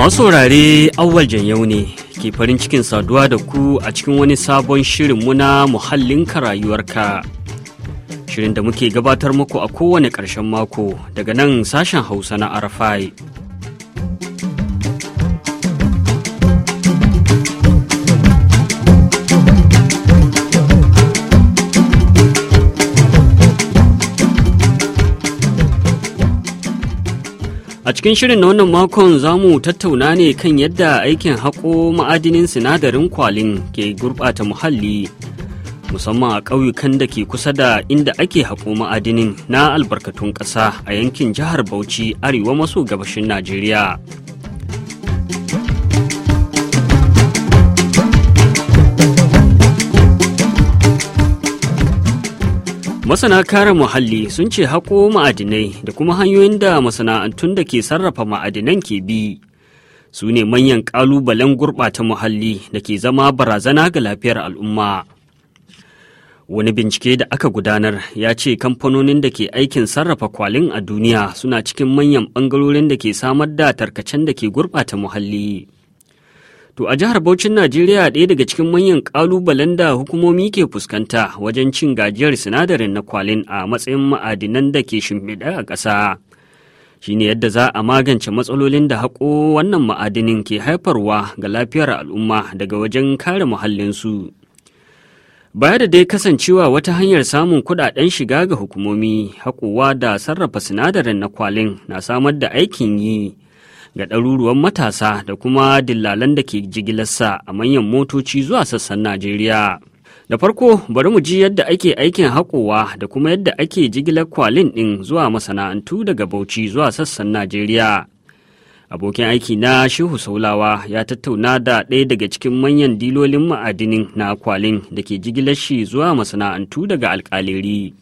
Masu saurare awwal yau ne ke farin cikin saduwa da ku a cikin wani sabon shirin muna muhallinka rayuwarka. Shirin da muke gabatar muku a kowane ƙarshen mako daga nan sashen Hausa na Arafai. A cikin shirin na wannan makon za mu tattauna ne kan yadda aikin haƙo ma'adinin sinadarin kwalin ke gurɓata muhalli musamman a ƙauyukan da ke kusa da inda ake haƙo ma'adinin na albarkatun ƙasa a yankin jihar Bauchi arewa maso gabashin Najeriya. Masana kare muhalli sun ce haƙo ma'adinai da kuma hanyoyin da masana'antun da ke sarrafa ma'adinan ke bi su ne manyan ƙalubalen gurɓata muhalli da ke zama barazana ga lafiyar al'umma. Wani bincike da aka gudanar ya ce kamfanonin da ke aikin sarrafa kwalin a duniya suna cikin manyan ɓangarorin da ke samar da tarkacen da ke gurɓata muhalli. To a jihar Bauchin Najeriya ɗaya daga cikin manyan ƙalubalen da hukumomi ke fuskanta wajen cin gajiyar sinadarin na kwalin a matsayin ma'adinan da ke shimfiɗa a ƙasa. Shi ne yadda za a magance matsalolin da haƙo wannan ma'adinin ke haifarwa ga lafiyar al'umma daga wajen kare muhallinsu. Baya da dai kasancewa wata hanyar samun kuɗaɗen shiga ga hukumomi, haƙowa da sarrafa sinadarin na kwalin na samar da aikin yi. ga ɗaruruwan matasa da kuma dillalan da ke jigilarsa a manyan motoci zuwa sassan Najeriya. Da farko bari mu ji yadda ake aikin haƙowa da kuma yadda ake jigilar kwalin ɗin zuwa masana'antu daga Bauchi zuwa sassan Najeriya. Abokin aiki na Shehu Saulawa ya tattauna da ɗaya daga cikin manyan dilolin ma'adinin na kwalin da ke jigilar shi zuwa masana'antu daga alƙaleri.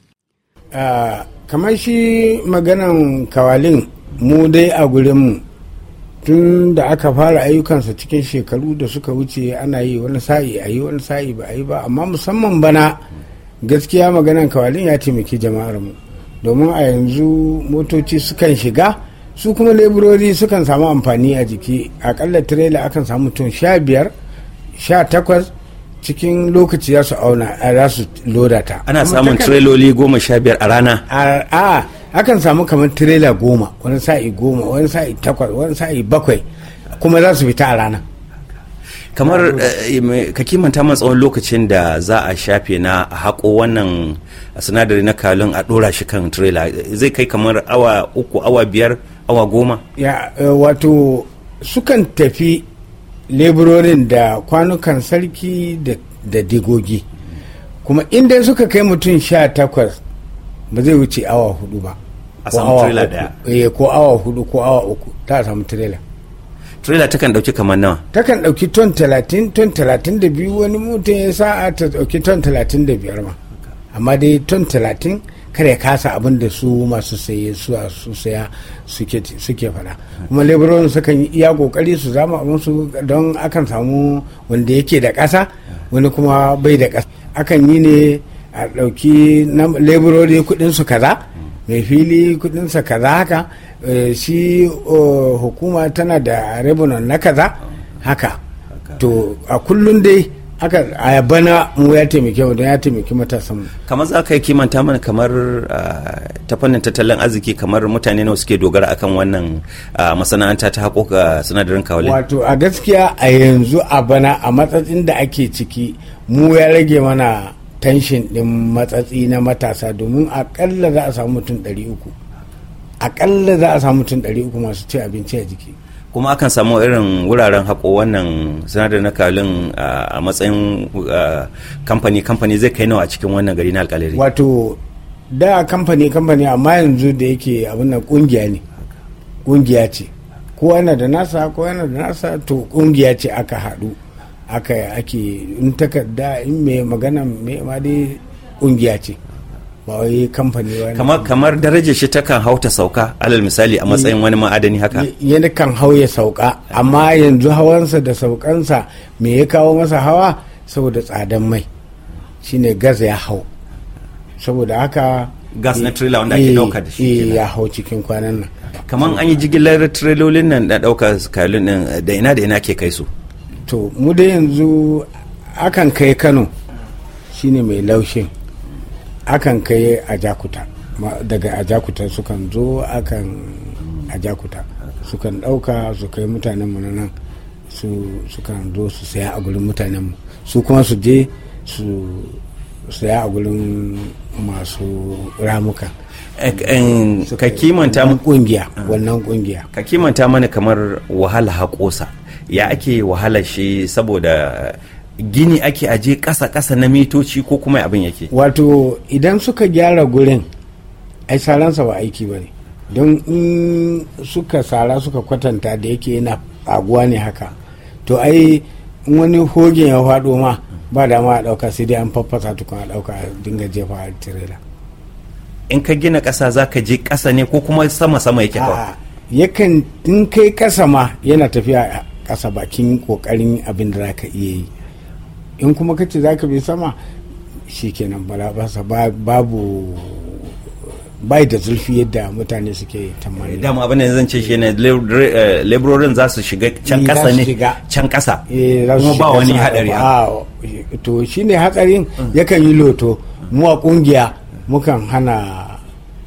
Uh, ah, kamar shi maganan kawalin mu dai a gurinmu tun da aka fara ayyukansa cikin shekaru da suka wuce ana yi wani sa'i a yi wani sa'i ba a yi ba amma musamman bana gaskiya maganan kawalin ya taimaki jama'ar mu domin a yanzu motoci sukan shiga su kuma leburori sukan samu amfani a jiki akalla tirela akan samu tun sha biyar sha takwas cikin lokaci ya su auna za su loda ana samun tireloli goma sha biyar a rana akan samu kamar tirela goma wani sa'i goma wani sa'i takwas wani sa'i bakwai kuma za su fita a rana kamar eh, eh, ka kimanta man tsawon lokacin da za a shafe na haƙo wannan sinadari na kalon a ɗora shi kan tirela zai kai kamar awa uku awa biyar awa goma ya eh, wato sukan tafi leburorin da kwanukan sarki da digogi kuma inda suka kai mutum sha takwas ba zai wuce awa hudu ba a samu trailer daya eh, ko awa hudu ko awa uku ta samu trailer trailer takan dauki kamar nawa takan dauki ton 30 ton 32 wani mutum ya sa'a ta dauki ton 35 ma amma dai ton 30 kare kasa abin da su masu saye su a su saya suke fada kuma laborin su yi iya kokari su zama abin su don akan samu wanda yake da kasa wani kuma bai da kasa akan yi ne a ɗauki leburori kuɗinsu kaza mai fili kudinsa kaza haka eh, shi hukuma tana da rebunan na kaza haka to a kullum dai aka a bana mu ya taimake mu ya taimake matasan mu kamar za ka yi kimanta mana kamar ah, ta fannin tattalin arziki kamar mutane nawa suke dogara akan wannan ah, masana'anta ta ga ah, sinadarin kawalin wato a gaskiya a yanzu a bana a matsatsin da ake ciki mu ya rage mana tension din matsatsi na matasa domin aƙalla za a samu mutum ɗari uku aƙalla za a samu mutum ɗari uku masu ci abinci a jiki kuma akan samu irin wuraren haƙo wannan sanadar na kalin a matsayin kamfani kamfani zai kai nawa a cikin wannan gari na alƙalari wato da kamfani kamfani amma yanzu da yake abin nan ƙungiya ne ƙungiya ce kowa yana da nasa kowa yana da nasa to ƙungiya ce aka haɗu aka ake in takarda in mai magana mai ma dai kungiya ce ba wai kamfani wani kamar kamar darajar shi ta kan hauta sauka alal misali a matsayin wani ma'adani haka yana kan hau ya sauka amma yanzu hawansa da saukansa me ya kawo masa hawa saboda tsadan mai shine gas ya hau saboda haka gas na trailer wanda ake dauka eh, da shi eh, ya hau cikin kwanan nan kaman an yi jigilar trailolin nan da dauka kalin da ina da ina ke kai su to mu da yanzu akan kai kano shine mai laushin akan kai ajakuta daga ajakuta sukan zo akan ajakuta sukan ɗauka su kai mutanen mu nan su sukan zo su saya a gurin mutanen mu su kuma su je su saya a gurin masu ramuka eh, eh, ka kimanta kungiya wannan kungiya ah. ka kimanta mana kamar wahala haƙosa ya ake wahalar shi saboda gini ake aje kasa kasa na mitoci ko kuma abin yake wato idan suka gyara gurin ai saransa ba aiki ba ne don in suka sara suka kwatanta da yake yana aguwa ne haka to ai wani hogin ya faɗo ma ba dama a ɗauka sai dai an faffasa tukun a ɗauka a dinga jefa a tirela in ka gina ƙasa za ka je ƙasa ne ko kuma sama sama yake kawai yakan in kai ƙasa ma yana tafiya kasa bakin kokarin abin da za ka iya yi in kuma ka ce za ka bi sama shikenan basa babu bai da zulfi yadda mutane suke da eh, dama abin da zan ce shi laborerin eh, za su shiga can kasa eh, ne can kasa kuma ba wani hadari ah, to shine hatsarin mm. yakan yi loto mu a kungiya mukan hana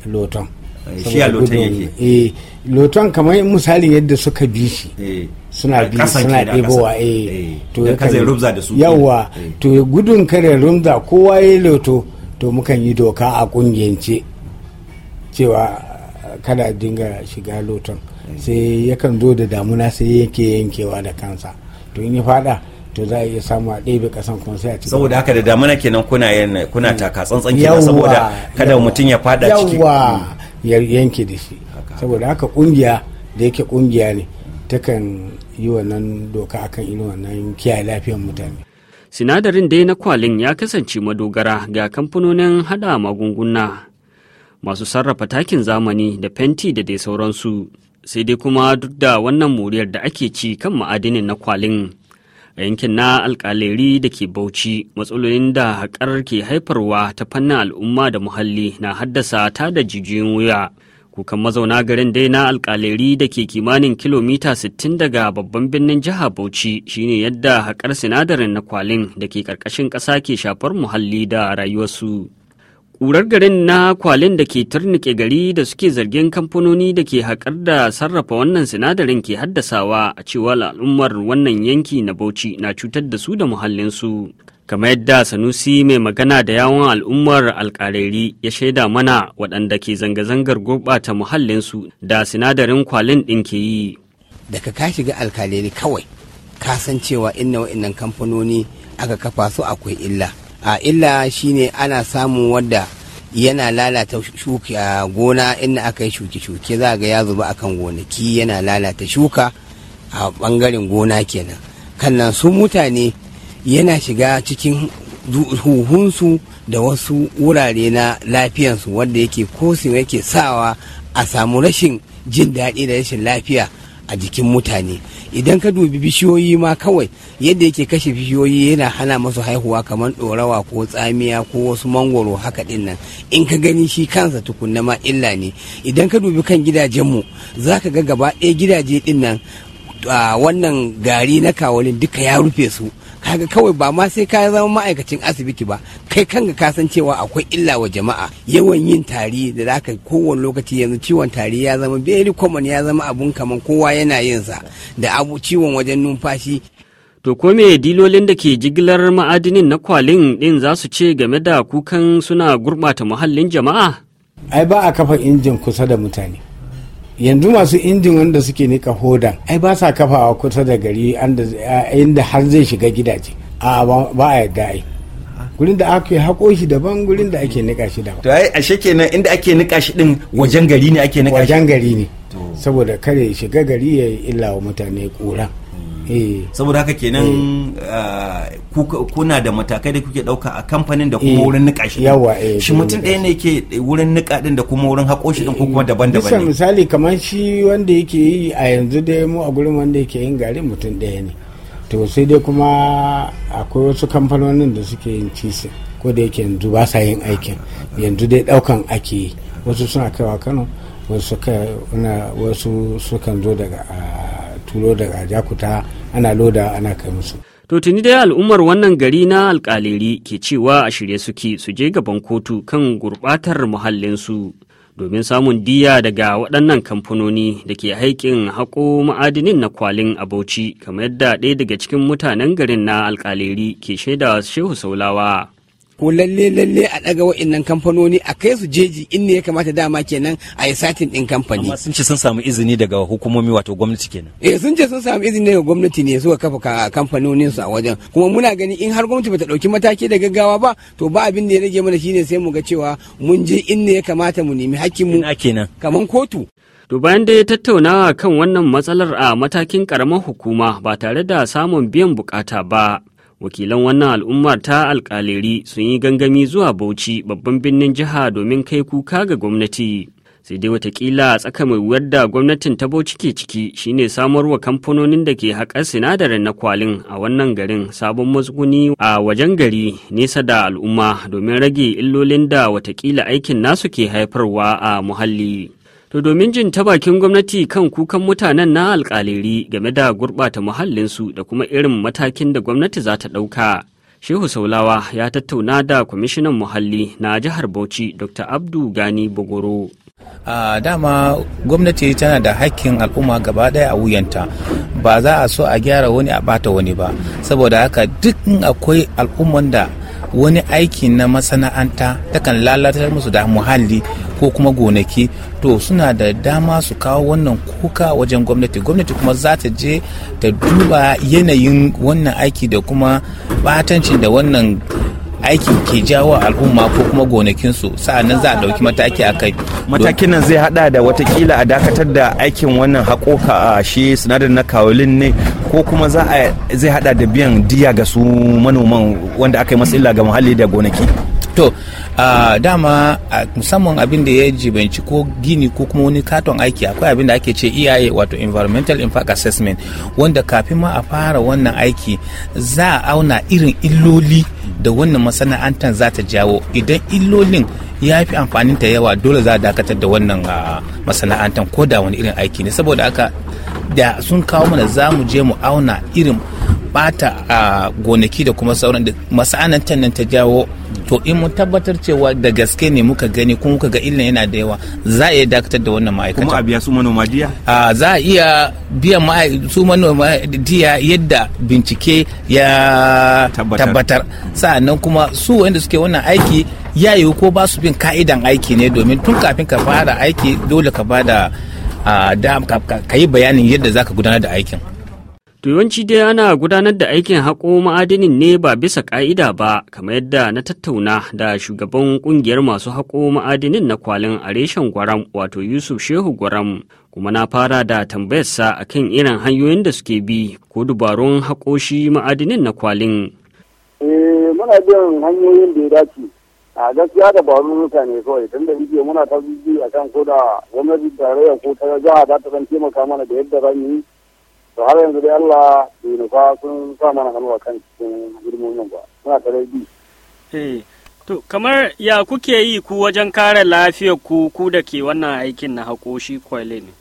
loton shi a loton yake loton kamar misalin yadda suka bi shi suna bi suna ɗebowa eh to ya kaza rumza da su yawa eh, eh. to gudun kare rumza kowa ya loto to mukan yi doka a kungiyance cewa kada dinga shiga loton eh. sai yakan zo da damuna sai yanke yankewa da kansa to in ya fada to za a iya samu a ɗebe kasan kuma sai a ci saboda haka da damuna kenan kuna yana kuna hmm. taka tsantsan kenan saboda kada mutum ya fada ciki yawa hmm. ya yanke da shi saboda haka kungiya da yake kungiya ne takan yi wannan doka akan ino wannan kiyaye lafiyar mutane sinadarin dai na kwalin ya kasance madogara ga kamfanonin hada magunguna masu sarrafa takin zamani da fenti da dai sauransu sai dai kuma duk da wannan moriyar da ake ci kan ma'adinin na kwalin a yankin na alkaleri da ke bauchi matsalolin da haƙar ke haifarwa ta fannin al'umma da muhalli na haddasa ta da jijiyoyin wuya kukan mazauna garin dai na alkaleri da ke kimanin kilomita 60 daga babban birnin jihar bauchi shine yadda haƙar sinadarin na kwalin da ke ƙarƙashin ƙasa ke shafar muhalli da rayuwarsu Ƙurar garin na kwalin da ke turnike gari da suke zargin kamfanoni da ke haƙar da sarrafa wannan sinadarin ke haddasawa a cewa al'ummar wannan yanki na Bauchi na cutar da su da muhallinsu. Kamar yadda Sanusi mai magana da yawon al'ummar alƙarari ya shaida mana waɗanda ke zanga-zangar gurɓata muhallinsu da sinadarin kwalin ɗin ke yi. Daga ka shiga alƙarari kawai, ka san cewa inna wa'innan kamfanoni aka kafa su akwai illa. a illa shine ana samun wadda yana lalata shuka gona inda aka yi shuke-shuke za ga ya zuba a kan gonaki yana lalata shuka a bangaren gona kenan kannan su mutane yana shiga cikin huhunsu da wasu wurare na lafiyansu wanda yake kosin yake sawa a samu rashin jin daɗi da rashin lafiya a jikin mutane idan ka dubi bishiyoyi ma kawai yadda yake kashe bishiyoyi yana hana masu haihuwa kamar ɗorawa ko tsamiya ko wasu mangoro haka dinnan in ka gani shi kansa tukunna ma illa ne idan ka dubi kan gidajenmu za ka ga gaba ɗaya gidaje dinnan nan wannan gari na kawalin duka ya rufe su kaga kawai ba ma sai ka zama ma'aikacin asibiti ba kai kanga ka san cewa akwai illa wa jama'a yawan yin tari da zaka kowane lokaci yanzu ciwon tari ya zama very common ya zama abun kaman kowa yana yin sa da abu ciwon wajen numfashi To ko me dilolin da ke jigilar ma'adinin na kwalin din za su ce game da kukan suna gurɓata muhallin jama'a? Ai ba a kafa injin kusa da mutane. yanzu masu injin wanda suke nika hodan ai ba sa kafawa kusa da gari inda har zai shiga gidaje a ba a yadda ai gurin da ake haƙo shi daban gurin da ake nika shi daban to ai a ashe nan inda ake nika shi din wajen gari ne ake nika shi wajen gari ne saboda kare shiga gari ya illa wa mutane ƙura Eh. saboda haka kenan eh. ah, kuna da matakai da kuke dauka a kamfanin da kuma eh. wurin nika shi yawa shi mutum ɗaya ne ke wurin nika din da kuma wurin hako shi din ko kuma daban-daban ne misali kamar shi wanda yake yi a yanzu dai mu a gurin wanda yake yin garin mutum ɗaya ne to sai dai kuma akwai wasu kamfanonin da suke yin cisi ko da yake yanzu ba sa yin aikin yanzu dai daukan ake yi wasu suna kaiwa kano wasu sukan zo daga ah, turo daga jakuta ana loda ana kai musu to dai al'ummar wannan gari na alkaliri ke cewa a shirye suke su je gaban kotu kan gurbatar muhallinsu domin samun diya daga waɗannan kamfanoni da ke haikin haƙo ma'adinin na kwalin a bauchi kamar yadda ɗaya daga cikin mutanen garin na alkaliri ke shaida shehu saulawa ko lalle lalle a daga wa'annan kamfanoni a kai su jeji in ne ya kamata dama kenan a yi satin din kamfani amma sun ce sun samu izini daga hukumomi wato gwamnati kenan eh sun ce sun samu izini daga gwamnati ne suka kafa kamfanonin su a wajen kuma muna gani in har gwamnati bata dauki mataki da gaggawa ba to ba abin da ya rage mana shine sai mu ga cewa mun je in ne ya kamata mu nemi hakkin mu kaman kotu To bayan da ya tattaunawa kan wannan matsalar a matakin ƙaramar hukuma ba tare da samun biyan bukata ba, wakilan wannan al'ummar ta alkaleri sun yi gangami zuwa bauchi babban birnin jiha domin kai kuka ga gwamnati sai dai watakila a tsaka mai wuyar da gwamnatin ta bauchi ke ciki shine samarwa kamfanonin da ke haƙar sinadarin na kwalin a wannan garin sabon matsuguni a wajen gari nesa da al'umma domin rage illolin da watakila aikin nasu ke haifarwa a muhalli To domin jin ta bakin gwamnati kan kukan mutanen na alkaliri game da gurɓata muhallinsu da kuma irin matakin da gwamnati za ta ɗauka. Shehu Saulawa ya tattauna da kwamishinan muhalli na jihar Bauchi Dr. Abdu Gani Bogoro. a uh, dama gwamnati tana da hakkin al'umma gaba daya a wuyanta ba za a so a gyara wani a bata wani ba saboda haka duk akwai al'umman da wani aiki na masana'anta takan lalatar musu da muhalli ko kuma gonaki to suna da dama su kawo wannan kuka wajen gwamnati gwamnati kuma za ta je ta duba yanayin wannan aiki da kuma batancin da wannan aiki ke jawo al'umma ko kuma gonakinsu sa'annan za a ɗauki mataki a kai matakin nan zai hada da watakila a dakatar da aikin wannan haƙoka a shi sinadarin na kawulin ne ko kuma zai hada da biyan diya ga su manoman wanda aka yi masu ga muhalli da gonaki to uh, dama uh, musamman abin da ya jibanci ko gini ko kuma wani katon aiki akwai abin da ake ce iyaye wato environmental impact assessment wanda kafin ma a fara wannan aiki za a auna irin illoli da wannan masana'antar za ta jawo idan illolin ya fi amfanin ta yawa dole za a dakatar da wannan masana'antar ko da wani irin aiki ne saboda aka da sun kawo mana za mu je mu auna irin bata a gonaki da kuma sauran da masana'antar nan ta jawo to in mun tabbatar cewa da gaske ne muka gani kuma muka ga illan yana da yawa za a iya dakatar da wannan ma'aikata kuma a biya su manoma diya a za a iya biyan su manoma diya yadda bincike ya tabbatar sa'annan kuma su wanda suke wannan aiki ya yiwu ko ba su bin ka'idan aiki ne domin tun kafin ka fara aiki dole ka bada da ka yi bayanin yadda zaka gudanar da aikin To yawanci dai ana gudanar da aikin haƙo ma'adinin ne ba bisa ƙa'ida ba, kamar yadda na tattauna da shugaban ƙungiyar masu haƙo ma'adinin na kwalin a reshen Gwaram wato Yusuf Shehu Gwaram. Kuma na fara da tambayarsa akan irin hanyoyin da suke bi ko dubarun haƙo shi ma'adinin na kwalin. Eh muna bin hanyoyin da ya dace. A gaskiya da ba mutane kawai tun da muke muna ta a akan ko da gwamnati tarayya ko ta jiha za ta taimaka mana da yadda za yi to har yanzu dai Allah bai nufa sun sa mana hannuwa kan cikin girmomin ba muna tare bi eh to kamar ya kuke yi ku wajen kare lafiyar ku ku da ke wannan aikin na hakoshi kwale ne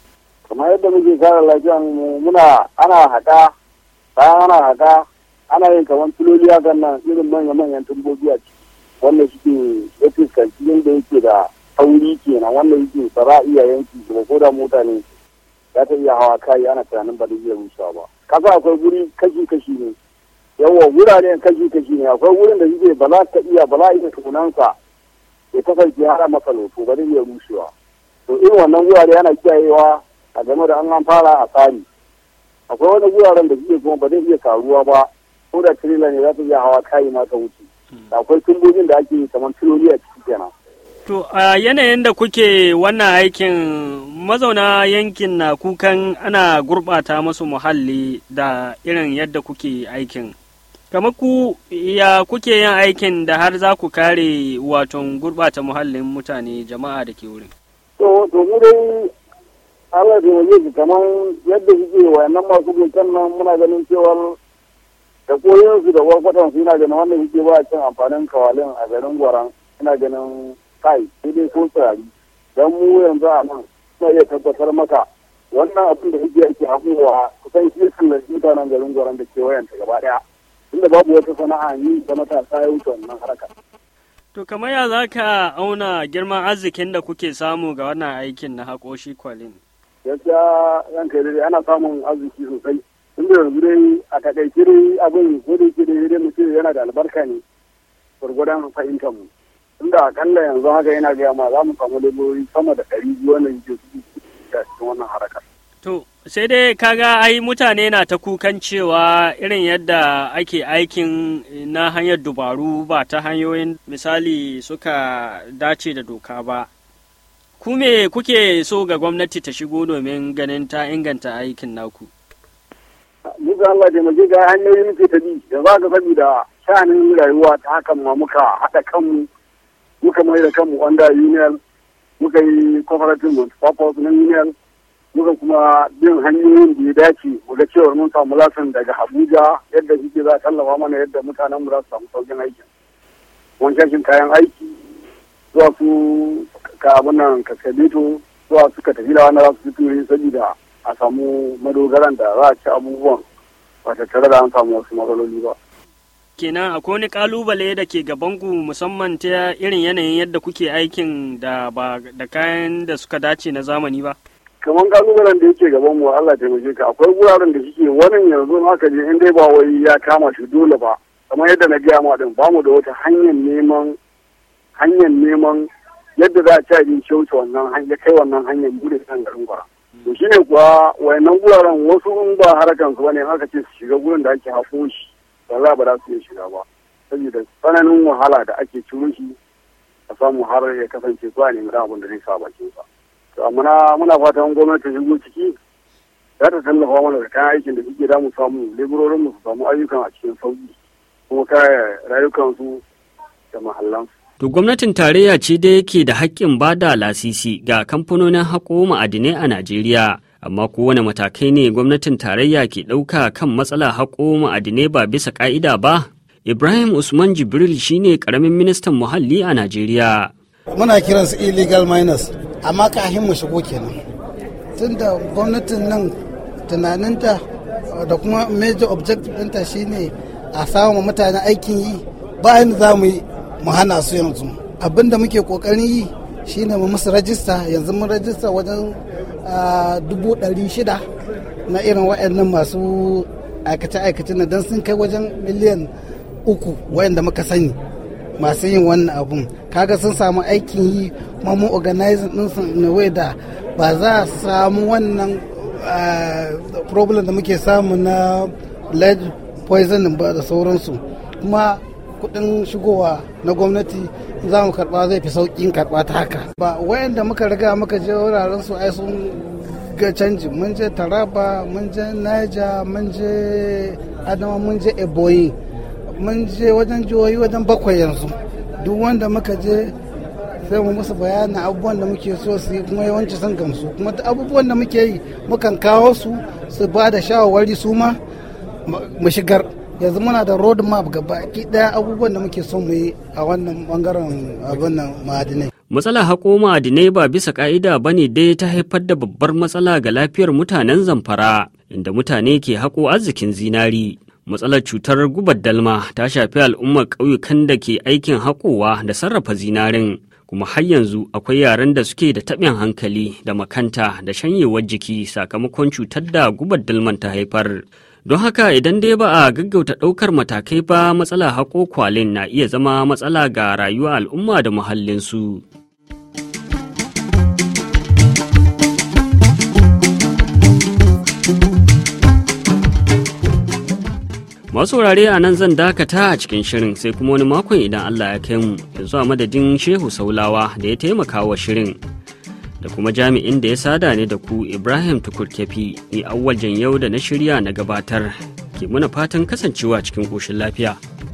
kamar yadda muke kare lafiyar mu muna ana haƙa bayan ana haƙa ana yin kamar filoli a nan irin manya-manyan tumbobi a ciki wanda suke ya fuskanci yadda yake da sauri kenan wanda yake ba a iya yanki ko da mota ne ya ta iya hawa kai ana tunanin ba zai iya rushewa ba kasa akwai guri kashi kashi ne yawa wuraren kashi kashi ne akwai wurin da zai ba za ta iya ba za a iya tunansa ya kasance har masa lofo ba zai iya rushewa to irin wannan wurare yana kiyayewa a game da an an fara a tsari akwai wani wuraren da zai kuma ba zai iya karuwa ba ko da tirila ne za ta iya hawa kayi ma ta wuce hmm. akwai tumbobin da ake yi kamar tiroli a ciki kenan To a yanayin da kuke wannan aikin mazauna yankin na kukan ana gurbata masu muhalli da irin yadda kuke aikin. Kamar ku ya kuke yin aikin da har za ku kare waton gurɓata muhallin mutane jama'a da ke wurin? To, domin dai Allah da waje kamar yadda suke wayannan masu gunkan nan muna ganin cewa da koyon su da warkwatan su yana ganin wannan suke ba a cin amfanin kawalin a garin gwaran ina ganin kai sai dai tsari dan mu yanzu a nan suna iya tabbatar maka wannan abin da hijiyar yake hakowa kusan shi kan mutanen garin gwaron da kewayenta gaba daya inda babu wata sana'a ni da matasa ya wuce wannan haraka To kamar ya za auna girman arzikin da kuke samu ga wannan aikin na haƙoshi kwalin? Gaskiya yan kai dai ana samun arziki sosai. inda yanzu dai a takaice dai abin ko da yake dai yadda mutum yana da albarka ne gwargwadon fahimtar mu. tunda akalla yanzu haka yana gaya ma za mu samu dabbobi sama da ɗari biyu wanda su cikin wannan harakar. To sai dai kaga ai mutane na ta kukan cewa irin yadda ake aikin na hanyar dubaru ba ta hanyoyin misali suka dace da doka ba. Ku kuke so ga gwamnati ta shigo domin ganin ta inganta aikin naku? Musa Allah taimake ga hanyoyin muke ta bi da za saboda sha'anin rayuwa ta hakan ma muka haɗa kanmu muka mai da kanmu wanda union muka yi cooperative multipurpose na union muka kuma bin hanyoyin da ya dace mu da cewar mun samu lasan daga abuja yadda kike za a tallafa mana yadda mutanen mu za su samu saukin aikin wancan kayan aiki zuwa su ka ka sabito zuwa su ka tafi da wani za su fito saboda a samu madogaran da za a ci abubuwan ba tattare da an samu wasu matsaloli ba. kenan akwai wani kalubale da ke gaban ku musamman ta irin yanayin yadda kuke aikin da ba da kayan da suka dace na zamani ba kamar kalubalen da yake gaban mu Allah mace ka akwai wuraren da suke wani yanzu haka je in dai ba wai ya kama shi dole ba kamar yadda na gaya ma din bamu da wata hanyar neman hanyar neman yadda za a ci abin kyauta wannan hanyar kai wannan hanyar bude kan garin gwara hmm. to shine kuwa wayannan guraren wasu in ba harakan su bane aka ce su shiga gurin da ake hafo shi wallahi ba za su iya shiga ba saboda tsananin wahala da ake cikin shi a samu har ya kasance zuwa ne mu abin da zai sa bakin sa to amma muna fatan gwamnati ta shigo ciki za ta tallafa mana da kayan aikin da suke damu samu leburorin mu su samu ayyukan a cikin sauki kuma kare rayukansu da mahallansu To gwamnatin tarayya ce da yake da haƙƙin ba da lasisi ga kamfanonin haƙo ma'adinai a Najeriya amma kowane matakai ne gwamnatin tarayya ke ɗauka kan matsala haƙo ma'adinai ba bisa ƙa'ida ba ibrahim usman jibril shine ƙaramin ministan muhalli a najeriya muna kiransu illegal miners amma kafin mu shigo kenan tunda gwamnatin nan tunaninta da kuma major objective ɗinta shine a samu mutane aikin yi bayan za mu yi mu hana su yanzu abinda muke kokarin yi shine mu musu rajista yanzu mun rajista wajen dubu ɗari shida na irin waɗannan masu aikace-aikace na don sun kai wajen miliyan uku waɗanda muka sani masu yin wannan abun kaga sun samu aikin yi kuma organizing din sun in wai da ba za su samu wannan eh, problem da muke samu na lead poisoning ba da sauransu kuma kuɗin shigowa na gwamnati za mu karɓa zai fi sauƙin karba ta haka ba wayanda muka riga muka je wuraren su ai sun ga canji mun je taraba mun je naija mun je adama mun je eboyi mun je wajen jihohi wajen bakwai yanzu duk wanda muka je sai mu musu bayanin abubuwan da muke so su yi kuma yawanci sun gamsu kuma abubuwan da muke yi mukan kawo su su ba da shawarwari su ma mu shigar yanzu muna da road map gaba ki daya abubuwan da muke son mu yi a wannan bangaren abin nan ma'adinai matsalar haƙo ma'adinai ba bisa ka'ida bane dai ta haifar da babbar matsala ga lafiyar mutanen zamfara inda mutane ke hako arzikin zinari matsalar cutar gubar dalma ta shafi al'ummar ƙauyukan da ke aikin haƙowa da sarrafa zinarin kuma har yanzu akwai yaran da suke da taɓin hankali da makanta da shanyewar jiki sakamakon cutar da gubar dalman ta haifar Don haka idan dai ba a gaggauta ɗaukar matakai ba matsala haƙo kwalin na iya zama matsala ga rayuwa al'umma da muhallinsu. masu wurare a nan zan dakata a cikin shirin sai kuma wani makon idan Allah ya kai mu yanzu a madadin shehu saulawa da ya taimaka wa shirin da kuma jami'in da ya sada ne da ku Ibrahim Tukurkefi ni awwal yau da na shirya na gabatar ke muna fatan kasancewa cikin koshin lafiya.